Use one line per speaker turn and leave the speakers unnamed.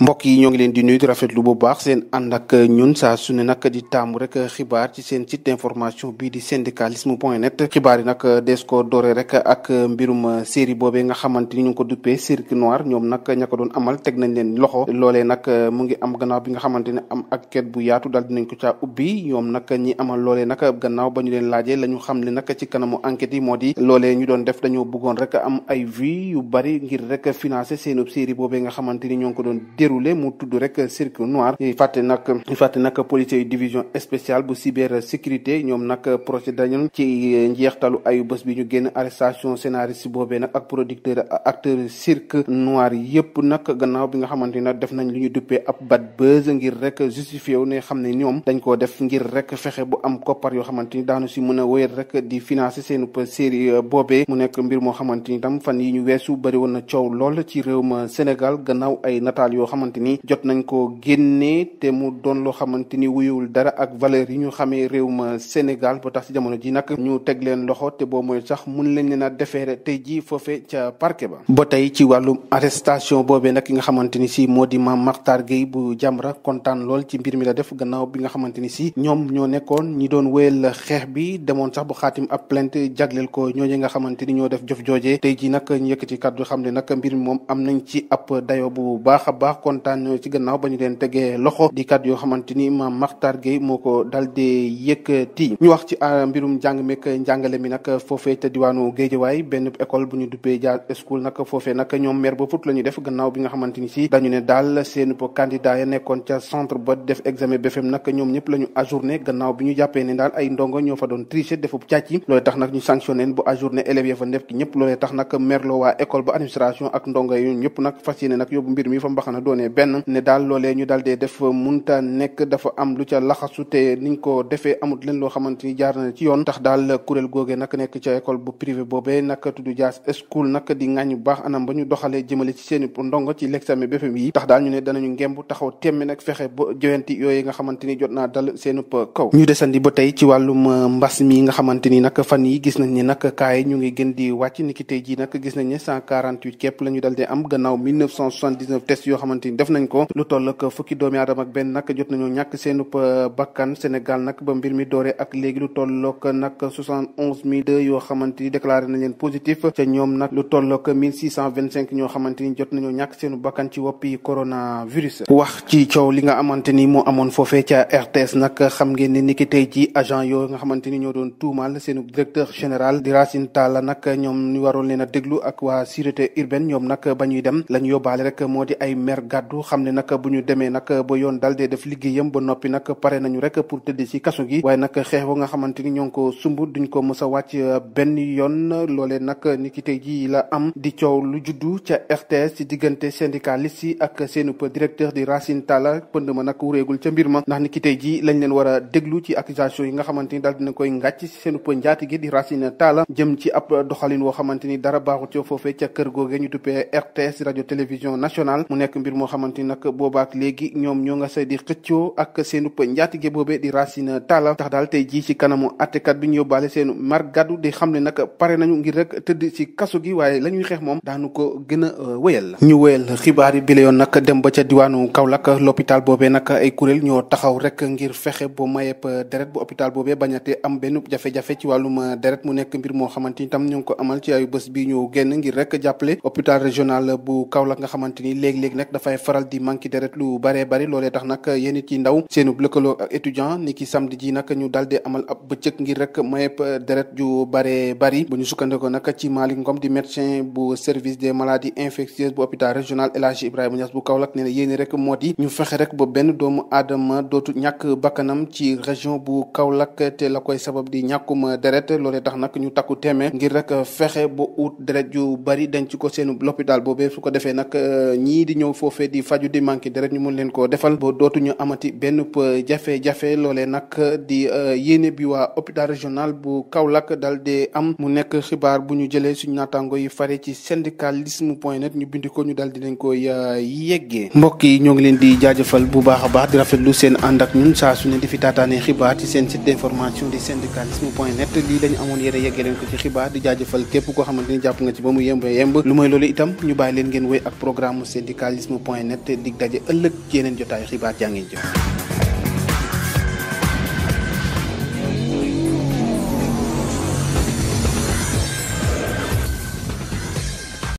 mbokk yi ñoo ngi leen di nuyu di rafetlu bu baax seen ànd ak ñun sa su ne nag di taamu rek xibaar ci seen ci d'information bii di syndicalisme point net xibaar yi nag des ko doore rek ak mbirum série boobee nga xamante ni ñu ngi ko duppee cirque noir ñoom nag ña ko doon amal teg nañ leen loxo loolee nag mu ngi am gannaaw bi nga xamante ne am ak ket bu yaatu daal dinañ ko caa ubbi ñoom nag ñi amal loolee nag gannaaw ba ñu leen laajee la ñu xam ne nag ci kanamu enquête yi moo di loolee ñu doon def dañoo bëggoon rek am ay vues yu bari ngir rek financer seen série boobee nga xamante ni ñoo ngi déroulé mu tudd rek cirque noir ñuy fàtte nag ñuy fàtte nag policier yu division spéciale bu cyber sécurité ñoom nag procès dañu ci njeextalu ay bés bi ñu génn arrestation scénariste boobee nag ak producteur acteur cirque noir yëpp nag gannaaw bi nga xamante ne def nañ lu ñu dupe ab bat buzz ngir rek justifié u ne xam ne ñoom dañ koo def ngir rek fexe bu am koppar yoo xamante ni daanu si mën a wéyal rek di financer seen série boobee mu nekk mbir moo xamante ni tam fan yi ñu weesu bëri na coow lool ci réewum Sénégal xamante ni jot nañ ko génnee te mu doon loo xamante ni wuyuwul dara ak valeur yi ñu xamee réew ma Sénégal ba tax si jamono ji nag ñu teg leen loxo te boo mooy sax mun lañ leen a defeere tey ji foofe ca parquet ba ba tey ci wàllum arrestation boobee nag ki nga xamante ni si moo di Mame Mactar Guèye bu Jamra kontaan lool ci mbir mi la def gannaaw bi nga xamante ni si ñoom ñoo nekkoon ñi doon wéyal xeex bi demoon sax bu xaatim ab plainte jagleel ko ñooñu nga xamante ni ñoo def jëf joojee tey ji nag ñu yëkkati kàddu xam ne nag mbir mi moom am nañ ci ab dayo bu baax a baax kontaan ci gannaaw ba ñu leen tegee loxo di kat yoo xamante ni Imam Makhtar Gueye moo ko dal di yëkkati ñu wax ci ah, mbirum njàng meek njàngale mi nag foofee te diwaanu Géejawaay benn école bu ñu duppee Dia School nag foofee ñoom mer la ñu def gannaaw bi nga xamante ni si dañu ne daal seen candidat ya ca centre ba def examen BFEM ñoom ñëpp la ñu ajourné gannaaw bi ñu jàppee ne daal ay ndongo ñoo fa doon tricher defub càcc yi tax nag ñu sanctionné bu ajourné élèves ya tax nag merloo waa école ba administration ak ndongo yi ñëpp nag fas yéene nag yóbbu mbir mi fa mbaxana doon doonee benn ne daal loolee ñu daal dee def ta nekk dafa am lu ca laxasu te niñ ko defee amut leen loo xamante ni jaar na ci yoon tax daal kuréel googe nag nekk ca école bu privé boobee nag tudd Dias School nag di ŋàññu baax anam ba ñu doxalee jëmale ci seen ndongo ci l'examen BFEM yi tax daal ñu ne danañu ngemb taxaw temmi nag fexe ba joyanti yooyu nga xamante ni jot naa dal seen kaw ñu desandi ba tey ci wàllum mbas mi nga xamante ni nag fan yi gis nañ ni nag kaay ñu ngi gën di wàcc ni ji nag gis nañ ne cent quarante huit képp la ñu dal dee am gannaaw mille neuf cent soixante dix yoo xamante ni def nañ ko lu toll ak fukki doomi aadama ak benn nag jot nañoo ñàkk seenu euh, bakkan Sénégal nag ba mbir mi dooree ak léegi lu tollook nag soixante onze mille deux yoo xamante ni déclaré nañ leen positif ca ñoom nag lu tollook mille six cent vingt cinq ñoo xamante ni jot nañoo ñàkk seenu bakkan ci woppi coronavirus wax ci coow li nga xamante ni moo amoon foofee ca RTS nag xam ne ni ki tey ji agent yoo nga xamante ni ñoo doon tuumaal seenu directeur général di Racine Talla nag ñoom ñu waroon leen a déglu ak waa sûreté urbaine ñoom nag ba ñuy dem lañu yóbbaale rek moo ay mer gàddu xam ne nag bu ñu demee nag ba yoon daal dee def liggéeyam ba noppi nag pare nañu rek pour tëdd si kaso gi waaye nag xeex ba nga xamante ni ñoo ngi ko sumb ko mës a wàcc benn yoon loolee nag ni ki tey la am di coow lu juddu ca RTS ci diggante syndicaliste yi ak seenu directeur di Racine Talla pënd ma nag wuréegul ca mbir ma ndax ni ki tey jii lañ leen war a déglu ci accusation yi nga xamante ni daal dina koy ngàcc seenu njaati gi di Racine Talla jëm ci ab woo xamante ni dara baaxu ca foofee ca kër googee ñu duppee RTS radio télévision nationale mu nekk mbir moo xamante nag boobaak léegi ñoom ñoo nga say di xëccoo ak seenu njaatige boobee di Racine Talla tax daal te jii ci kanamu ate attekat bi ñu yóbbaale seenu mar gàddu xam ne nag pare nañu ngir rek tëdd ci kasu gi waaye la ñuy xeex moom daanu ko gën a euh, wéyal ñu wéyal xibaar yi bi yoon nag dem ba ca diwaanu Kaolack l'hôpital boobe nag ay kuréel ñoo taxaw rek ngir fexe ba mayeb euh, deret bu hôpital boobee bañate am benn jafe-jafe ci wàllum euh, deret mu nekk mbir moo xamante ni tam ñu ngi ko amal ci ay bés bi ñoo génn ngir rek jàppale hôpital régional bu Kaolack nga xamante ni dafay faral di manqué deret lu bëree bëri loolee tax nag yéen it ci ndaw seenu lëkkaloo ak étudiant ni ki samedi ji nag ñu daal di amal ab bëccëg ngir rek mayëpp deret ju bëree bëri bu ñu bu service des maladies infectieuses bu hôpital régional El Hadji Ibrahima Niass bu Kaolack nee na yéene rek moo di ñu fexe rek ba benn doomu aadama dootu ñàkk bakkanam ci région bu Kaolack te la koy sabab di ñàkkum deret loole tax nag ñu takku téeméer ngir rek fexe ba ut deret ju bëri denc seenu l'hôpital boobee su ko defee nag euh, ñii di ñëw foofu fee di faju di manqué deret ñu mun leen koo defal ba dootuñu amati benn jafe-jafe loolee nag di euh, yéene bi waa hôpital régional bu Kaolack dal di am mu nekk xibaar bu ñu jëlee suñu naataango yi fare ci syndicalisme point net ñu bind ko ñu dal di leen koy euh, yeggee mbokk yi ñoo ngi leen di jaajëfal bu baax a baax di rafetlu seen ànd ak ñun saa su ne di fi taataanee xibaar ci seen site d'information di syndicalisme point net lii lañu amoon yére yeggee leen ko ci xibaar di jaajëfal képp mu yemb yemb lu mooy loolu point net dig daje ëllëg yeneen jotaayu xibaar jaa ngeen jëf